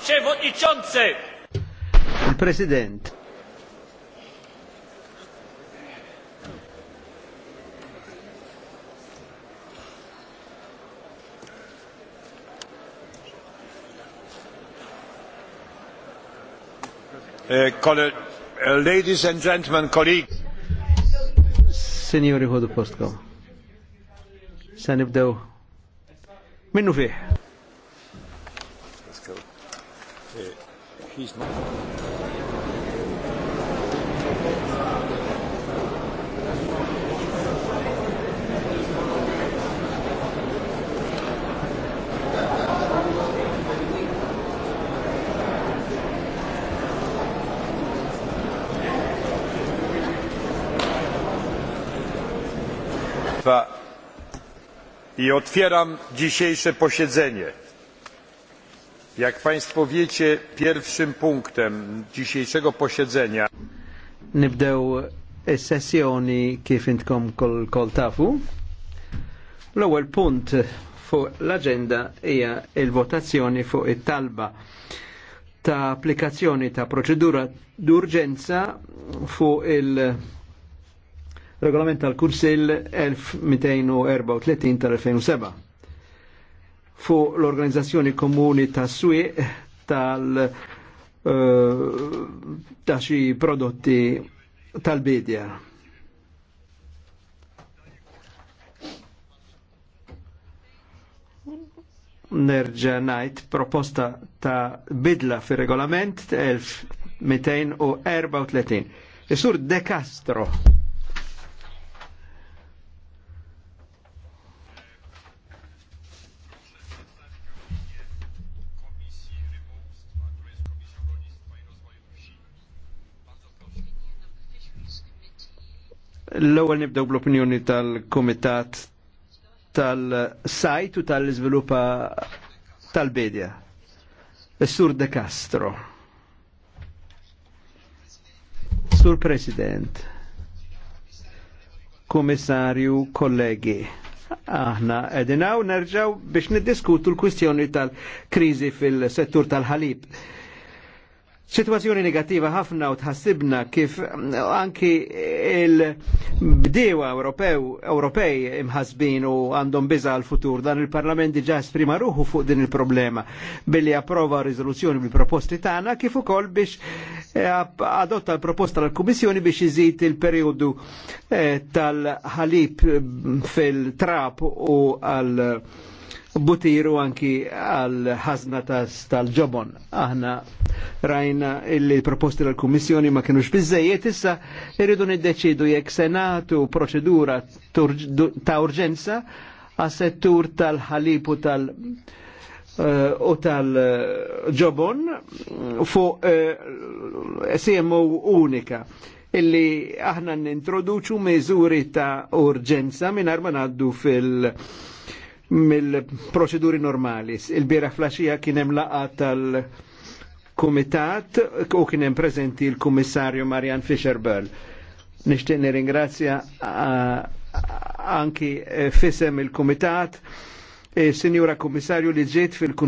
Przewodniczący! Prezydent. Kole eh, eh, ladies and gentlemen, colleagues. Signori, hodu postko. Sanibdew. Minnu fiħ. He's not. i otwieram dzisiejsze posiedzenie. Jak Państwo wiecie, pierwszym punktem dzisiejszego posiedzenia. Nibdew sessjoni kif intkom kol, kol tafu. L-ewwel punt fuq l-agenda hija il-votazzjoni fuq it-talba ta' applikazzjoni ta' proċedura d'urġenza fuq il- Regolament tal-Kunsil 1234 tal-2007 fuq l-Organizzazzjoni Komuni ta' Swieq tal- eh, ta' xi prodotti tal-bidja. Nerġa' najt proposta ta' bidla fir-regolament 1234. Isur De Castro. L-ewwel nibdew bl-opinjoni tal-Kumitat tal-sajt u tal-iżviluppa tal-bedja. Sur De Castro. Sur President. Komissarju, kollegi. Aħna edinaw nerġaw biex niddiskutu l-kwistjoni tal-krizi fil-settur tal-ħalib. Situazzjoni negativa ħafna u tħassibna kif mm, anki il-bdewa Ewropew, Ewropej imħasbin u għandhom biza għal-futur. Dan il-Parlament diġa esprima ruħu fuq din il-problema billi approva riżoluzzjoni bil-proposti tagħna kif ukoll biex eh, adotta l-proposta tal-Kummissjoni biex iżid il-periodu eh, tal-ħalib mm, fil-trap u għal butiru anki għal ħazna tal-ġobon. Aħna rajna illi proposti l-Komissjoni ma kienux bizzejiet, issa irridu niddeċidu jekk senatu proċedura ta' urġenza għas settur tal-ħalipu tal-, eh, u tal-ġobon fuq eh, CMO unika illi aħna nintroduċu meżuri ta' urġenza minn ma naddu fil- mill-proċeduri normali. Il-bira flasġija kienem laqa tal komitat u kienem prezenti il komissarju Marian Fischer-Böll. Nishtiqni ringrazzja anki eh, fisem il komitat e eh, Sinjura Kummissarju li ġiet fil